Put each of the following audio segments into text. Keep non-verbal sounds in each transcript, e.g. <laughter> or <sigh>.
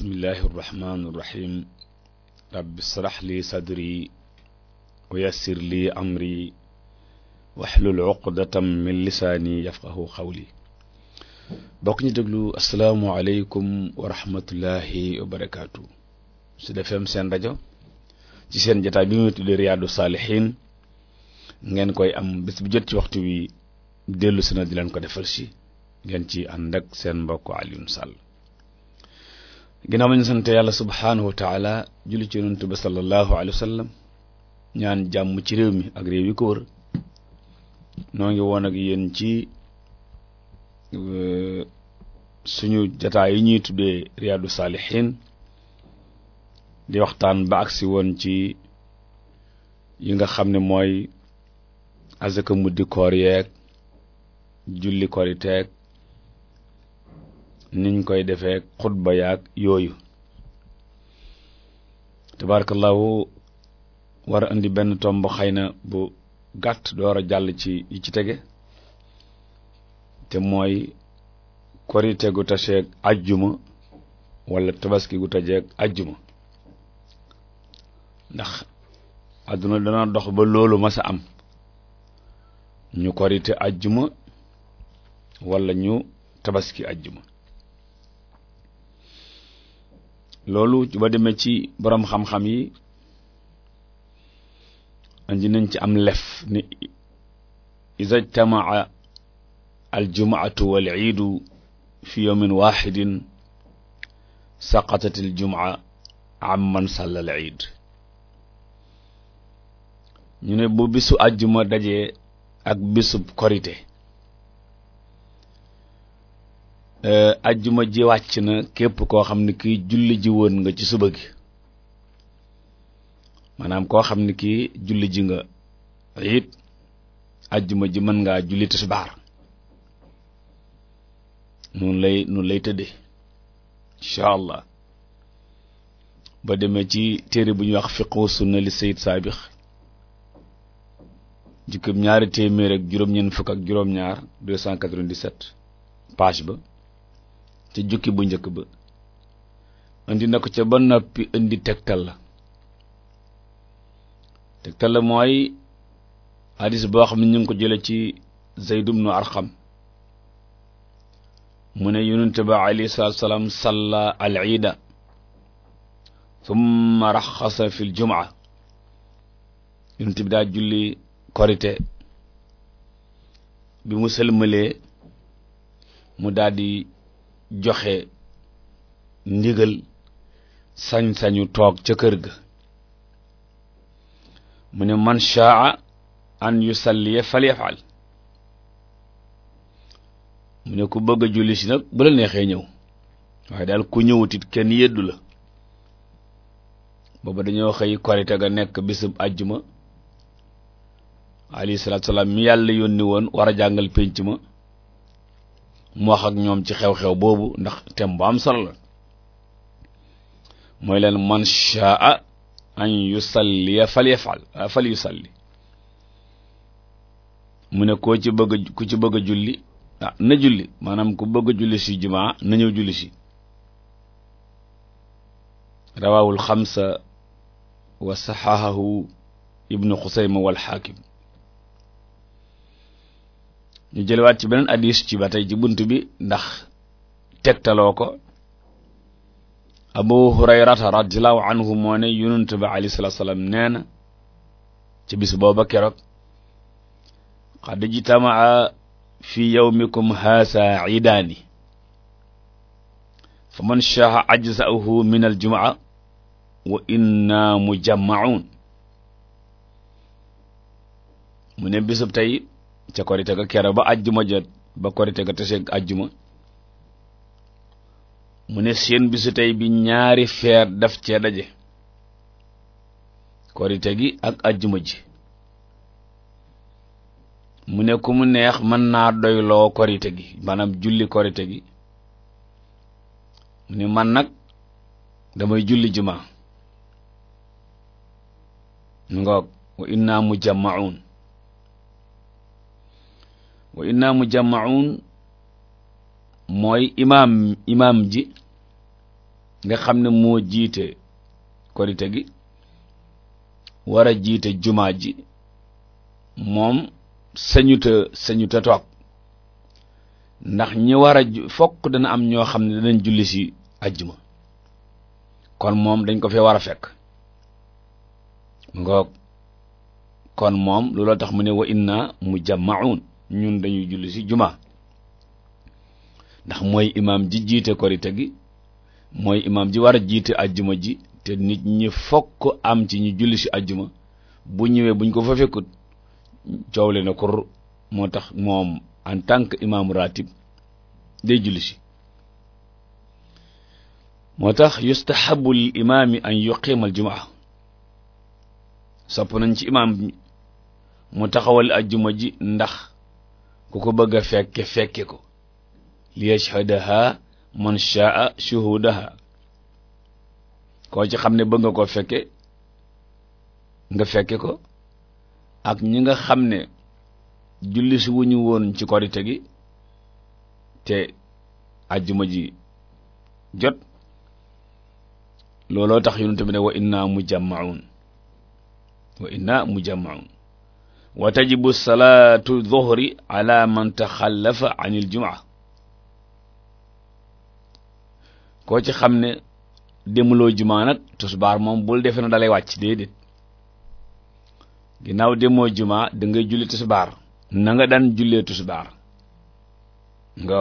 bismillahi irrahmani irrahim rabbi israh li sadri wa yassir li amri waxlul uqdatam min lisaani yafqahu xawli bokk ñu déglu asalaamualeykum wa rahmatullahi wa barakaatu su defeem seen rajo ci seen jotaay bi muy tuddee riyaadu saalihiin ngeen koy am bés bu jot ci waxtu wi dellu si na di leen ko defal si ngeen ci ànd seen mbokk Alioune Sall ginnaaw ma ñu sant yàlla subhaanahu wa taala julli ci yonent ba sallallahu alayhi wa sallam ñaan jàmm ci réew mi ak réew yi ko wër noo ngi woon ak yéen ci euh, suñu jataay yi ñuy tuddee riyaadu saalihiin di waxtaan ba si woon ci yi nga xam ne mooy azaka muddi koor yeek julli koriteeg niñ koy defee xutba yaag yooyu tabarakallahu war a indi benn tomb xay na bu gàtt door a jàll ci yi ci tege te mooy korite gu taseeg ajjuma wala tabaski gu tajeeg ajjuma ndax àdduna dana dox ba loolu ma a am ñu korite ajjuma wala ñu tabaski ajjuma loolu ba demee ci boroom xam-xam yi andi ci am lef ni iza ijtamaa aljumaatu wal iidu fi yawmin waxidin saqatat aljumaa amman salla al iid ñu ne bu bisu àjjuma daje ak bisub korite Eh, ajjuma ji wàcc na képp koo xam ne kii julli ji woon nga ci suba gi maanaam koo xam ni kii julli ji nga it ajjuma ji mën ngaa su baar noonu lay noonu lay tëdde incha allah ba demee ci téere bu ñuy wax fiqhu sunna li Sayyid Saabix jukkib ñaari téeméer ak juróom-ñeent fukk ak juróom-ñaar 297 ba ca jukki bu njëkk ba indi na ko ca ba noppi indi tegtal la tegtal la mooy hadis boo xam ne ñu ngi ko jële ci Zayd ibn Arqam mu ne yonente ba alayhi salaam salla al iida thumma raxasa fi l jumaa yonente bi daa julli korite bi mu sëlmalee mu daldi joxe ndigal sañ-sañu toog ca kër ga mu ne man shaa an yusalliya falyafal mu ne ku bëgg a julli si nag bu la neexee ñëw waaye daal ku ñëwatit kenn yeddu la booba dañoo xëy korite ga nekk bisub àjjuma alayhi salaatu salaam mi yàlla yónni woon war a jàngal pénc ma mu wax ak ñoom ci xew-xew boobu ndax thème bu am solo la mooy leen man shaa an yusalliya falyafal ah, fal yusalli mu ne koo ci bëgg ku ci bëgg a julli ah na julli maanaam ku bëgg a julli si jumaa na ñëw julli si rawaawul xamsa wa saxaahahu ibnu xusayma wal xaakim ñu jëlewaat ci beneen addis ci ba tey ji bunt bi ndax tegtaloo ko abu hurayrata radiallahu anhu moo ne yonent ba salaam nee ci bis booba keroog xad jitamaa fi yawmikum haasa idaani ajza'ahu min aljumaa wa inna mujammaun mu ne bisub tey ca korite ga kera ba ajjuma jot ba korite ga teseeg ajjuma mu ne seen bisu tey bi ñaari feer daf cee daje korite gi ak ajjuma ji mu ne ku mu neex mën naa doyloo korite gi maanaam julli korite gi mu ne man nag damay julli jumaa mu ngoog mu inna mujammaun wa inna mujammaun mooy imaam imaam ji nga xam ne moo jiite korite gi war a jiite jumaa ji moom sañuta sañuta toog ndax ñi war a fokk dana am ñoo xam ne danañ julli si ajjuma kon moom dañ ko fee war a fekk ngoog kon moom looloo tax mu ne wa inna mujammaun ñun dañuy julli ci jumaa ndax mooy imaam ji jiite korite gi mooy imaam ji war a jiite ajjuma ji te nit ñi fokk am ci ñu julli ci ajjuma bu ñëwee buñ ko fa fekkut coow na kur moo tax moom en tant que imaamu ratib day julli ci moo tax yustahabu lil imaami an yuqima al jumaa sopp nañ ci imaam mu taxawal ajjuma ji ndax ku ko bëgg a fekke fekke ko li yashhadaha man shaa shuhudaha koo ci xam ne bëgg nga koo fekke nga fekke ko ak ñi nga xam ne julli si wuñu woon ci korite gi te ajjuma ji jot looloo tax yonent bi ne wa inna mujammaun wa inna mujammaun wa tajibu salaatu dhuhri ala man taxallafa an il jumaa koo ci xam ne demuloo jumaa nag tusbaar moom bul defe na dalay wàcc déedéet ginnaaw demoo jumaa dangay julli tusbaar na nga daan jullee tusbaar nga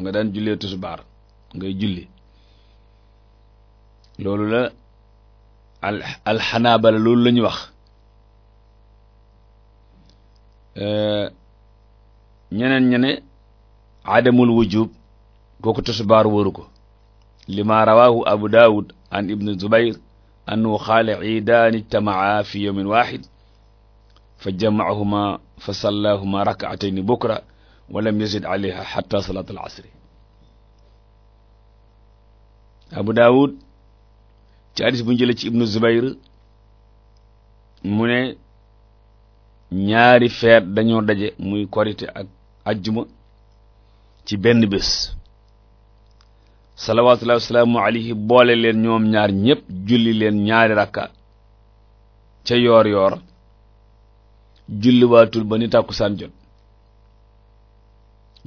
nga daan jullee tusbaar ngay julli loolu la al alxanaabala loolu la ñu wax Euh, ñeneen ñe ne adamul wujub kooku tisbaar waru ko lima rawahu abu daawud an ibn zubair annahu xaala iidaani ijtamaa fi yawmin waaxid fa jamaahuma fa sallaahuma rakaatayni bukra wa lam yazid alayha xatta salaat al asri abu daawud ci hadis bu njële ci ibnu zubair mu ne ñaari feet dañoo daje muy korite ak ajjuma ci benn bés salawaatullahi wasalaamu alayhi boole leen ñoom ñaar ñépp julli leen ñaari rakka ca yoor yoor julliwaatul ba ni tàkkusaan jot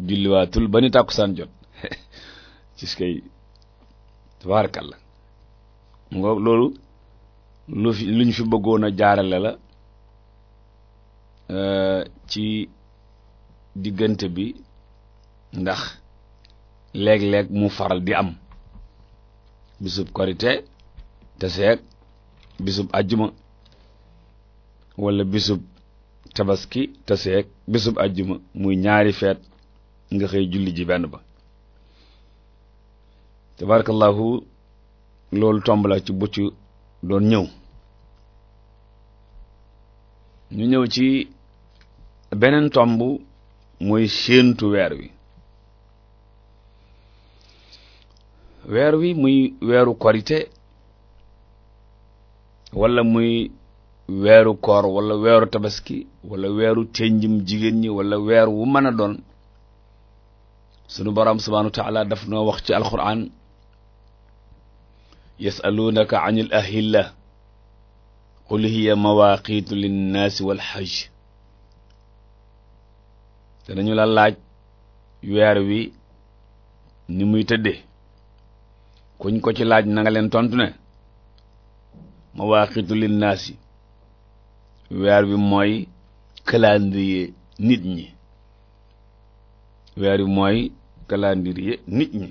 julliwaatul ba ni tàkkusaan jot cis <laughs> kay tabarakallah mu nga loolu lu fi luñ fi bëggoon a jaarale la Euh, ci diggante bi ndax léeg-léeg mu faral di am bisub korite te seeg bisub ajjuma wala bisub tabaski te bisub ajjuma muy ñaari feet nga xëy julli ji benn ba tabarakallahu loolu tomb la ci bucc doon ñëw ñu ñëw ci beneen tomb muy séentu weer wi weer wi muy weeru korite walla muy weeru koor wala weeru tabaski wala weeru tenjim jigéen ñi wala weer wu mën a doon sunu boroom subhanahu wa taala daf noo wax ci alquran yasaluunaka an il ahilla qul hiya mawaqitu linnaasi wal hajj te dañu la laaj weer wi ni muy tëdde kuñ ko ci laaj na nga leen tontu ne mawaaqitu linnaasi weer wi mooy calendrier ñi weer wi mooy calendrier nit ñi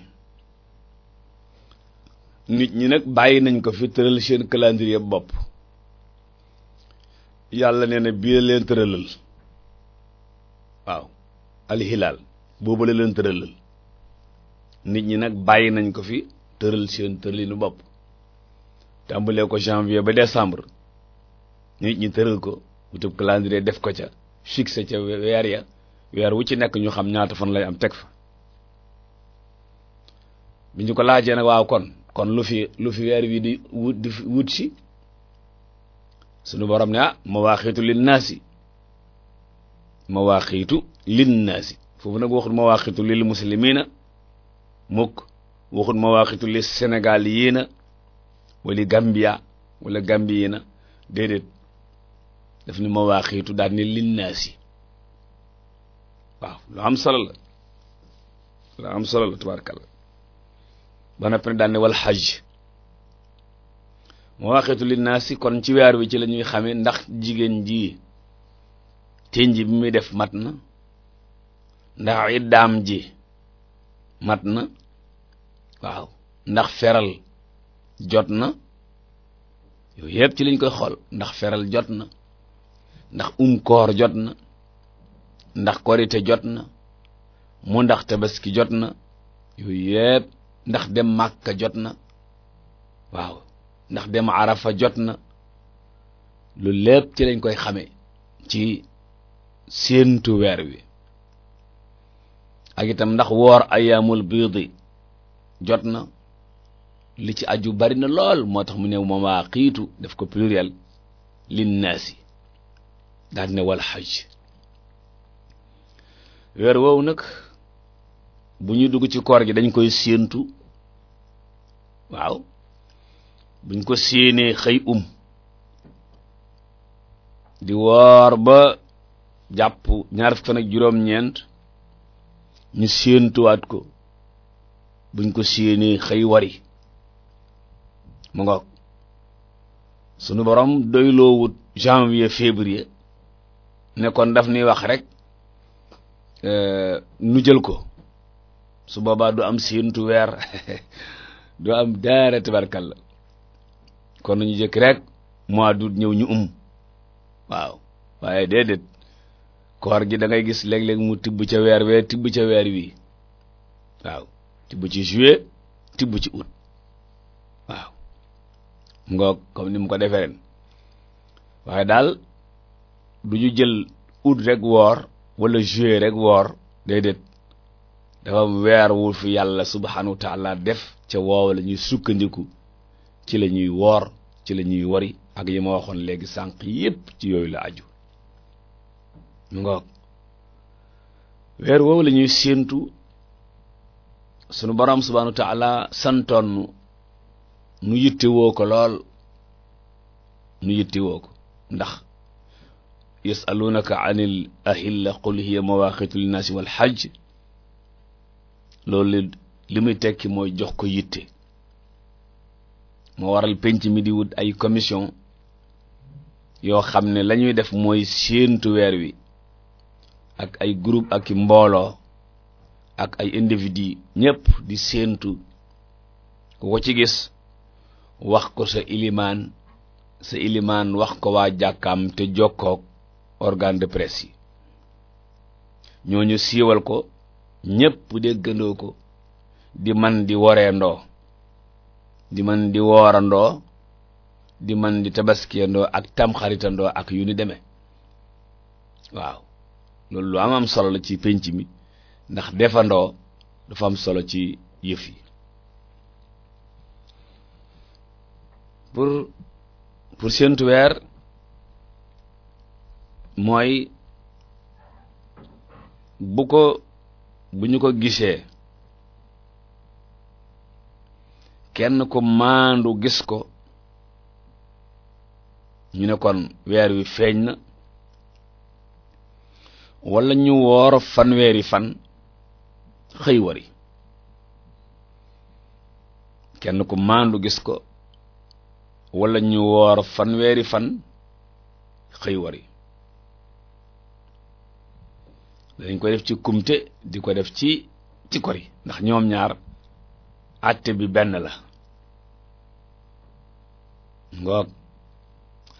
nit ñi nag bàyyi nañ ko fi tëral seen calendrier bopp yàlla nee na bii leen tëralal waaw alxilaal boobu la tëralal nit ñi nag bàyyi nañ ko fi tëral seen tëralinu bopp tàmbalee ko janvier ba décembre nit ñi tëral ko wutub calendrier def ko ca fixé ca weer ya weer wu ci nekk ñu xam ñaata fan lay am teg fa bi ñu ko laajee nag waaw kon kon lu fi lu fi weer wi di wut di wut si suñu borom ne ah mawaaxitu linnaasi mawaaqiitu linnaasi foofu nag waxut mawaaqiitu lil muslimiina mukk waxut mawaaqiitu li Sénégal yii na wala Gambia wala Gambie na déedéet daf ni mawaaqiitu daal ni linnaasi waaw lu am solo la lu am solo la tabarakallah ba noppi ne daal ne wal xaj mawaaqiitu linnaasi kon ci weer wi ci la ñuy ndax jigéen ji tënj bi muy def mat na ndax iddaam ji mat na waaw ndax feral jot na yooyu yëpp ci lañ koy xool ndax feral jot na ndax um koor jot na ndax korite jot na mu ndax tabaski jot na yooyu yëpp ndax dem màkka jot na waaw ndax dem arafa jot na lu lépp ci lañ koy xame ci séentu weer wi ak itam ndax woor ayaamul biidi jot na li ci aj yu bari na lool moo tax mu ne xiitu def ko pluriel linnaasi daal ne wal xaj weer woowu nag bu ñu dugg ci koor gi dañ koy séentu waaw buñ ko séenee xëy um di woor ba jàpp ñaar fukk fan juróom-ñeent ñu séentuwaat ko buñ ko séenee xëy wari mu ngoog sunu borom doyloowut janvier février ne kon daf ni wax rek euh, nu jël ko su boobaa du am séentu weer <laughs> du am daara tabarkalla kon nañu jëkk rekk mois d'août ñëw ñu um waaw waaye déedéet koor gi da ngay gis léeg-léeg mu tibb ca weer wee tibb ca weer wi waaw tibb ci juillet tibb ci ut waaw ngoog comme ni mu ko defee ren waaye daal du ñu jël août rek woor wala juillet rek woor déedéet dafa am weer wu fi yàlla subhanahu wa taala def ca woowa lañuy sukkandiku ci la ñuy woor ci la ñuy wari ak yi ma waxoon léegi sànq yépp ci yooyu la aju mu ngoog weer woowu la ñuy séentu sunu borom subhanahu wa santoon nu yitte woo ko lool nu yitte woo ko ndax yasalunaka anil ahilla qul hiya mawaqitu linnaasi wal hajj loolu li muy tekki mooy jox ko yitte moo waral penc mi di wut ay commission yoo xam ne lañuy def mooy séentu weer wi ak ay group ak i mbooloo ak ay individu ñépp di séentu ku ko ci gis wax ko sa ilimaan sa ilimaan wax ko waa jàkkam te jokkook organe de presse yi ñooñu siiwal ko ñépp déggandoo ko di man di woreendoo di man di worandoo di man di tabaskiyandoo ak tamxaritandoo ak yu ni demee waaw loolu lu am am solo la ci pénc mi ndax defandoo dafa am solo ci yëf yi pour pour séntu weer mooy bu ko bu ñu ko gisee kenn ko maandu gis ko ñu ne kon weer wi feeñ na wala ñu woor fanweeri fan xëy kenn ku maandu gis ko walla ñu woor fanweeri fan xëywari dañ koy def ci kumte di ko def ci ci kori ndax ñoom ñaar àtte bi benn la ngoog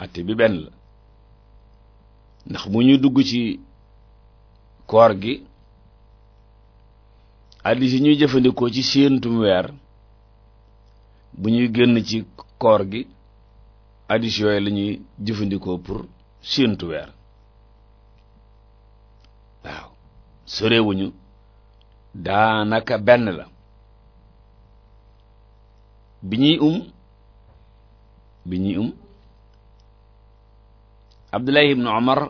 àtte bi benn la ndax bu ñu dugg ci koor gi addis yi ñuy jëfandikoo ci séentum weer bu ñuy génn ci koor gi addis yooyu lañuy jëfandikoo pour séentu weer waaw sorewuñu daanaka benn la bi ñuy um bi ñuy um Abdullahi ibn Omar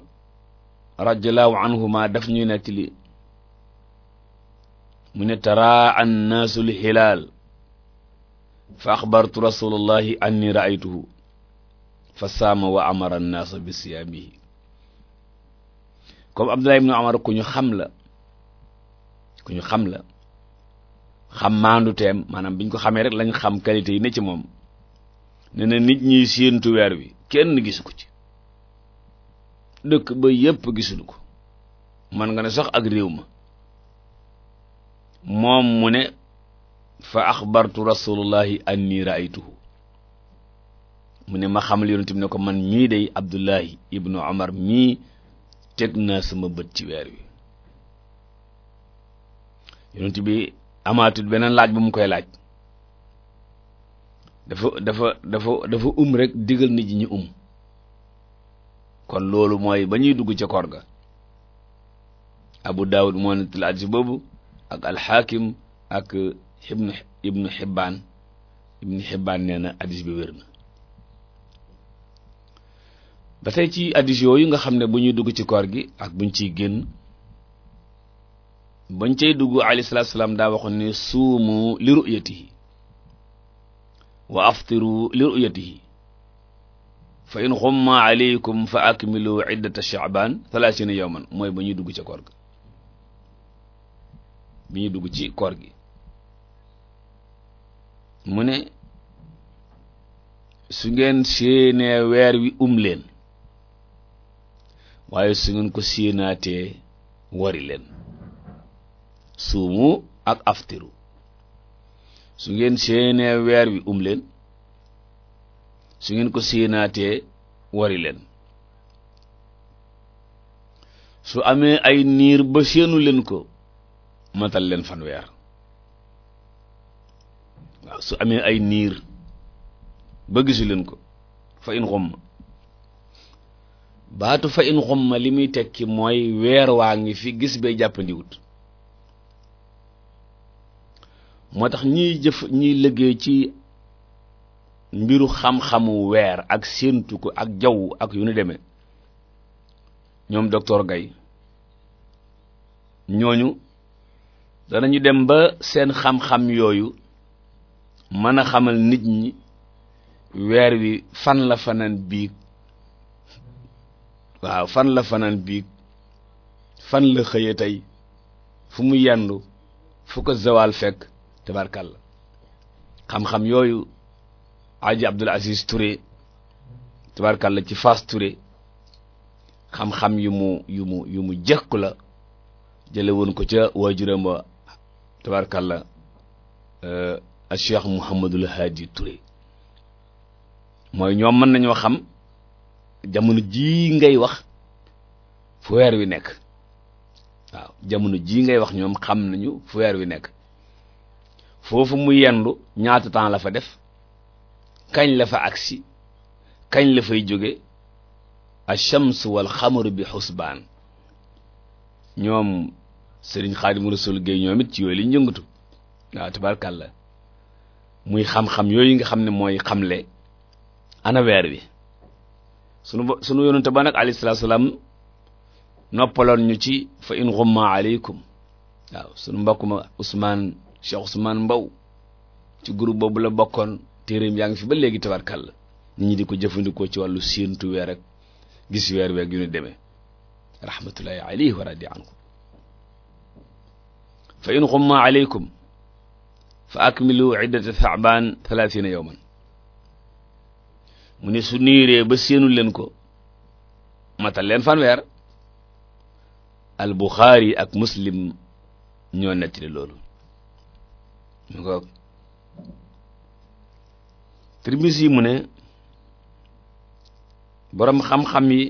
radiallahu anhuma daf ñuy nettali mu ne taraa annaasu li hilaal fa axbartu rasulallahi anni raaytuhu fa saama wa amara annaasa bi siyaamihi comme Abdullah ibnu Amar ku ñu xam la ku ñu xam la xam maandu teem maanaam bi ñu ko xamee rek lañ xam qualité yi ne ci moom ne na nit ñiy séentu weer wi kenn gisu ko ci dëkk ba yépp gisuñu ko man nga ne sax ak réew ma moom mu ne fa axbartu rasulullahi anni raaytuhu mu ne ma xamal yonent bi ne ko man mii day abdullahi ibnu omar mii teg naa sama bët ci weer wi yonent bi amaatul beneen laaj bu mu koy laaj dafa dafa dafa dafa um rek digal nit ñi ñu um kon loolu mooy ba ñuy dugg ca koor ga abu daawud moo nettali hadiis boobu ak alxaakim ak ibnu ibnu xibbaan ibnu xibbaan nee na hadiis bi wér na ba tey ci hadiis yooyu nga xam ne bu ñuy dugg ci koor gi ak buñ ciy génn bañ cay dugg alayhi salaatu salaam daa waxoon ne suumu li ru'yatihi wa aftiru li ru'yatihi fa in xumma aleykum fa akmilu iddata sha'ban thalathina yawman mooy ba ñuy dugg ci kor gi bi dugg ci koor gi mu ne su ngeen séenee weer wi um leen waaye su ngeen ko séenaatee wari leen suumu ak aftiru su ngeen séenee weer wi um leen su ngeen ko séenaatee wari leen su amee ay niir ba séenu leen ko matal leen fanweer waaw su amee ay niir ba gisu leen ko fa in xomma baatu fa in xomma li muy tekki mooy weer waa ngi fi gis bay jàppandiwut moo tax ñiy jëf ñiy liggéey ci mbiru xam-xamu weer ak séentu ko ak jaww ak yu nu demee ñoom docteur gay ñooñu danañu dem ba seen xam-xam yooyu mën a xamal nit ñi weer wi fan la fanaan biig waaw fan la fanaan biig fan la xëye tey fu mu yendu fu ko zawaal fekk tabarkàlla xam-xam yooyu aji Abdul Aziz Touré tubaarkàlla ci fas Touré xam-xam yu mu yu mu yu mu jëkku la jële woon ko ca waajuram wa tubaarkàlla euh, a Cheikh Mouhamadul Hadi ture mooy ñoom mën nañoo xam jamono jii ngay wax fu weer wi nekk waaw jamono jii ngay wax ñoom xam nañu fu weer wi nekk foofu mu yendu ñaata temps la fa def kañ la fa agsi kañ la fay jóge ash-shams wal xamaru bi xusbaan ñoom sëriñ Xaadimu Rasul Géey ñoom it ci yooyu lañ yëngatu waaw tabarkàlla muy xam-xam yooyu nga xam ne mooy xamle ana weer wi sunu sunu yonente ba nag alayhi noppaloon ñu ci fa in ghumma aleykum waaw sunu mbokk ma Ousmane Cheikh Ousmane Mbow ci groupe boobu la téereem yaa ngi fi ba léegi tabarkal la nit ñi di ko jëfandikoo ci wàllu séentu weer gis weer weeg yu ñu demee rahmatullahi alayhi wa radi anhu fa in xumma alaykum fa akmilu iddata saaban thalathina yawman mu ne su niiree ba séenu leen ko matal leen fanweer al buxaari ak muslim ñoo nettali loolu mu ko Tirmisi mu ne boroom xam-xam yi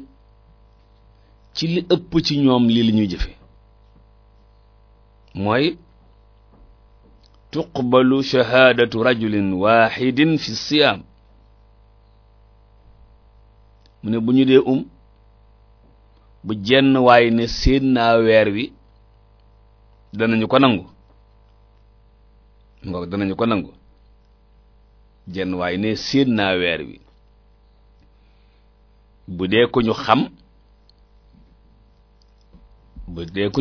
ci li ëpp ci ñoom lii li ñuy jëfe mooy tuqbalu shahaadatu rajulin waahidin fi siyaam mu ne bu ñu dee um bu jenn waay ne seen naa weer wi danañu ko nangu ngoog danañu ko nangu jenn waaye ne séen naa weer wi bu dee ku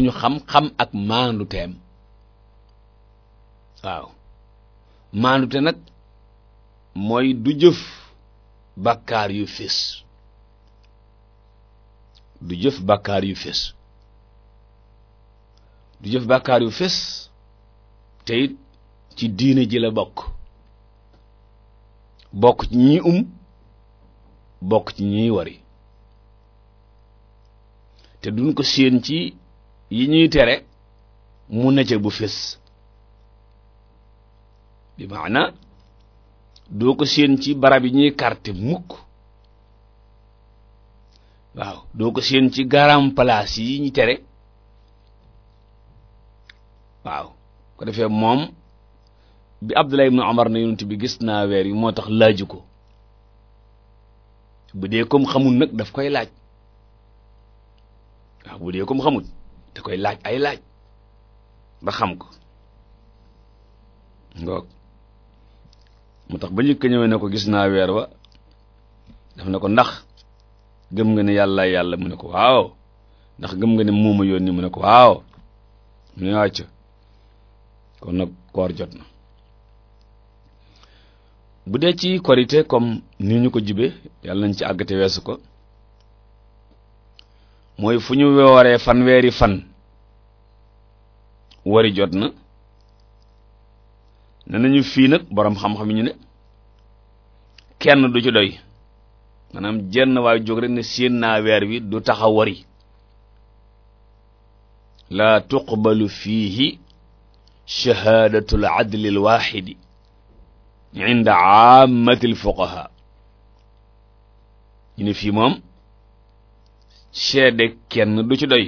ñu xam xam ak maandu teem waaw maandu te nag mooy du jëf bàkkaar yu fés du jëf bàkkaar yu fés du jëf bàkkaar yu fés te ci diina ji la bokk bokk ci ñi um bokk ci ñiy wari te duñ ko séen ci yi ñuy tere mu nëcc bu fés bi maana doo ko séen ci barab yi ñuy carte mukk waaw doo ko séen ci garam palaas yi ñu tere waaw ko defee moom bi Abdullah ibn Umar ne yonent bi gis naa weer yi moo tax laaju ko bu dee comme xamul nag daf koy laaj waaw bu dee comme xamul da koy laaj ay laaj ba xam ko ngoog moo tax ba njëkk ñëwee ne ko gis naa weer wa daf na ko ndax gëm nga ne yàlla yàlla mu ne ko waaw ndax gëm nga ne mooma yónni mu ne ko waaw mu ne wàcc kon nag koor jot na bu dee ci korite comme ni ñu ko jibe yàlla nañ ci àggate weesu ko mooy fu ñu wooree fanweeri fan wari jot na ne nañu fii nag boroom xam-xam yi ñu ne kenn du ci doy maanaam jenn waaye jóg rek ne naa weer wi du tax a wari laa tuqbalu fiihi shahaadatul adlil waahidi inda aammatil fuqaha ñu ne fii moom seede kenn du ci doy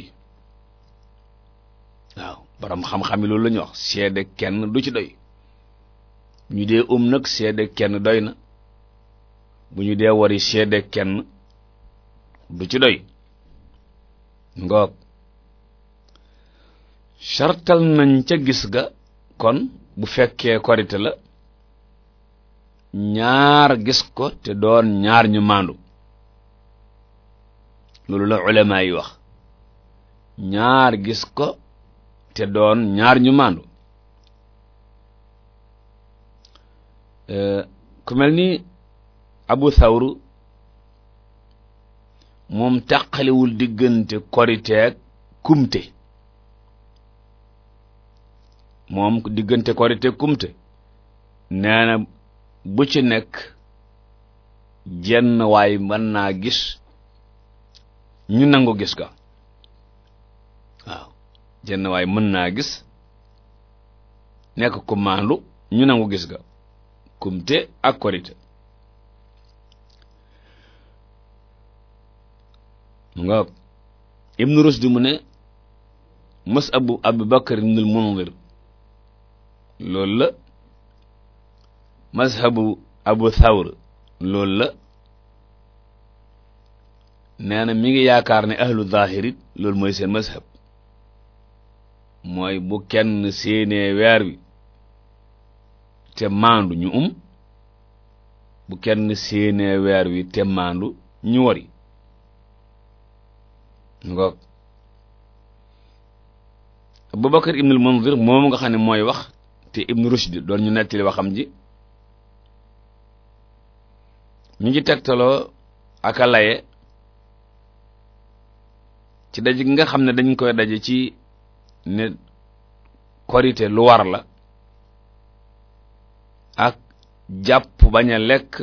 waaw borom xam-xam yi loolu la ñu wax seede kenn du ci doy ñu dee um nag seede kenn doy na bu ñu dee wari seede kenn du ci doy ngoog sartal nañ ca gis ga kon bu fekkee korite la ñaar gis ko te doon ñaar ñu maandu loolu la ulama wax ñaar gis ko te doon ñaar ñu maandu eh, mel ni abu thawru moom tàqaliwul diggante koriteeg kumte moom diggante koriteeg kumte nee na bu ci nekk jenn waay mën naa gis ñu nangu gis ga waaw jenn waay mën naa gis nekk ku maandu ñu nangu gis ga kumte ak korite mu nga ibnu rusdi mu ne mas abu abu bakar ibnul munzir loolu la mazhabu abu thawr loolu la nee na mi ngi yaakaar ni ahlu zahirit loolu mooy seen mazhab mooy bu kenn séenee weer wi te maandu ñu um bu kenn séenee weer wi te maandu ñu wari ngoog Abubakar ibnul Munzir moom nga xam ne mooy wax te ibnu Rushd doon ñu nettali waxam ji mi ngi tegtaloo ak a laye ci daje gi nga xam ne dañ koy daje ci ne korite lu war la ak jàpp bañ a lekk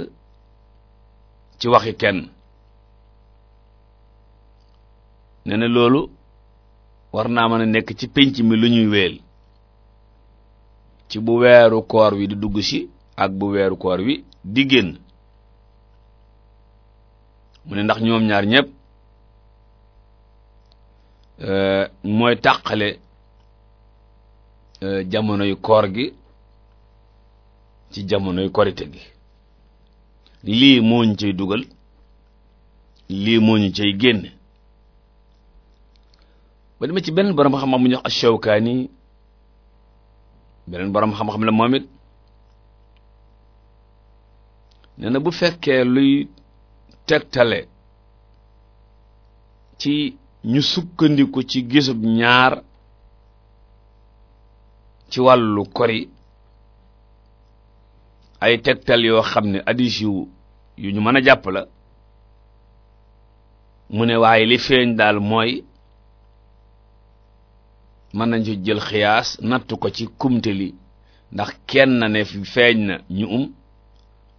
ci waxi kenn ne na loolu war naa mën a nekk ci pénc mi lu ñuy wéel ci bu weeru koor wi di dugg si ak bu weeru koor wi di génn mu ne ndax ñoom ñaar ñépp euh, mooy tàqale euh, jamonoy koor gi ci jamonoy korite gi lii moo ñu cay dugal lii moo ñu cay génne ba demee ci beneen borom xam-xam bu ñuy wax Ash-Shawkaani beneen borom xam-xam la moom it bu fekkee luy tegtale ci ñu sukkandiku ci gisub ñaar ci wàllu kori ay tegtal yoo xam ne addis yu ñu mën a jàpp la mu ne waaye li feeñ daal mooy mën nañ jël xiyaas natt ko ci kumte li ndax kenn ne fi feeñ na ñu um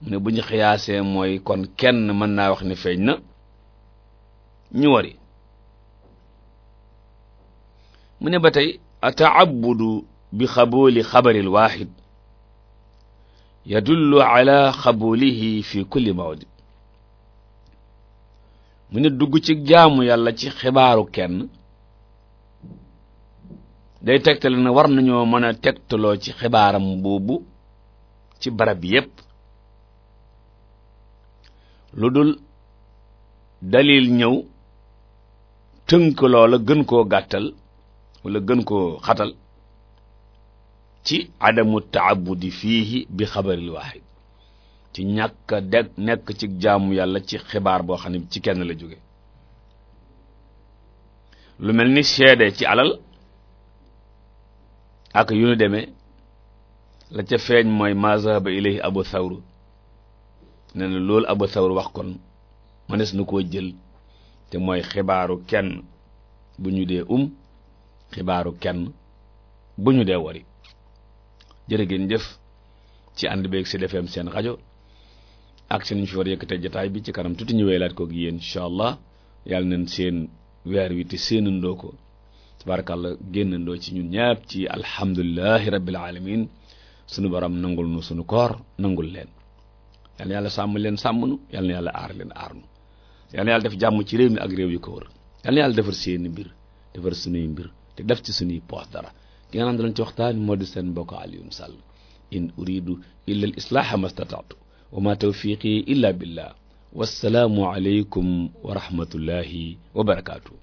mu ne bu ñu xiyaasee mooy kon kenn mën naa wax ni feeñ na ñu wari mu ne ba tey ataabudu bi xabooli xabaril waaxid yadullu ala xaboolihi fi kulli mawdi mu ne dugg ci jaamu yàlla ci xibaaru kenn day tegtale na war nañoo mën a tegtaloo ci xibaaram boobu ci barab yépp lu dul dalil ñëw tënk loola gën koo gàttal walla gën koo xatal ci adamu taabudi fiihi bi xabaril waaxid ci ñàkk a deg nekk ci jaamu yàlla ci xibaar boo xam ne ci kenn la jóge lu mel ni seede ci alal ak yu nu demee la ca feeñ mooy mazhaba ilayhi abu thawru ne na loolu Abu Sawr wax kon mënees na koo jël te mooy xibaaru kenn bu ñu dee um xibaaru kenn bu ñu dee wari jër geen jëf ci ànd beeg si defeem seen rajo ak seen ñu fi war yëkkate jotaay bi ci kanam tuuti ñu weelaat ko gi yéen incha allah yàlla seen weer wi te seenandoo ko tabarakallah génnandoo ci ñun ñaar ci alhamdulillahi rabbil alamin sunu baram nangul nu sunu koor nangul leen yal na yàlla sàmm leen sàmm nu yal na yàlla aar leen aar nu yal na yàlla def jàmm ci réew mi ak réew yu ko wër yal na yàlla defar seeni mbir defar suñuy mbir te def ci suñuy poos dara ki nga xam ne lañ ci waxtaan moo di seen mbokk Alioune Sall in uridu illa al islaaha mastata'tu wa ma tawfiqi illa billah wassalaamu aleykum wa rahmatullahi wa barakaatu.